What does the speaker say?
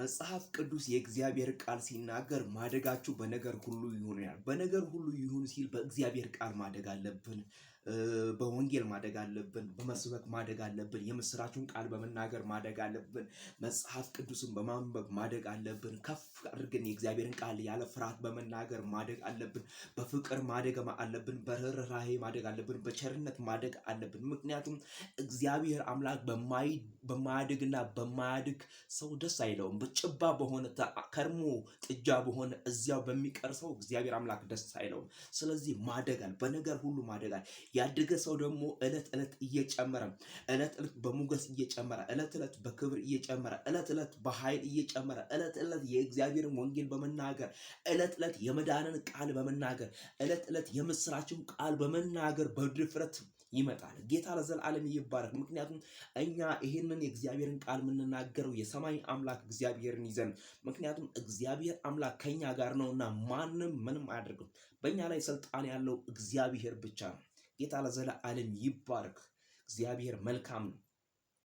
መጽሐፍ ቅዱስ የእግዚአብሔር ቃል ሲናገር ማደጋችሁ በነገር ሁሉ ይሁን ይላል። በነገር ሁሉ ይሁን ሲል በእግዚአብሔር ቃል ማደግ አለብን። በወንጌል ማደግ አለብን፣ በመስበክ ማደግ አለብን፣ የምስራቹን ቃል በመናገር ማደግ አለብን፣ መጽሐፍ ቅዱስን በማንበብ ማደግ አለብን። ከፍ አድርገን የእግዚአብሔርን ቃል ያለ ፍርሃት በመናገር ማደግ አለብን። በፍቅር ማደግ አለብን፣ በርኅራኄ ማደግ አለብን፣ በቸርነት ማደግ አለብን። ምክንያቱም እግዚአብሔር አምላክ በማያድግና በማያድግ ሰው ደስ አይለውም። በጭባ በሆነ ከርሞ ጥጃ በሆነ እዚያው በሚቀር ሰው እግዚአብሔር አምላክ ደስ አይለውም። ስለዚህ ማደጋል፣ በነገር ሁሉ ማደጋል። ያደገ ሰው ደግሞ እለት እለት እየጨመረ እለት እለት በሞገስ እየጨመረ እለት እለት በክብር እየጨመረ እለት እለት በኃይል እየጨመረ እለት እለት የእግዚአብሔርን ወንጌል በመናገር እለት እለት የመዳንን ቃል በመናገር እለት እለት የምስራችን ቃል በመናገር በድፍረት ይመጣል። ጌታ ለዘላለም ይባረክ። ምክንያቱም እኛ ይህንን የእግዚአብሔርን ቃል የምንናገረው የሰማይ አምላክ እግዚአብሔርን ይዘን፣ ምክንያቱም እግዚአብሔር አምላክ ከኛ ጋር ነውና ማንም ምንም አያደርግም። በእኛ ላይ ስልጣን ያለው እግዚአብሔር ብቻ ነው። ጌታ ለዘለዓለም ይባርክ። እግዚአብሔር መልካም ነው።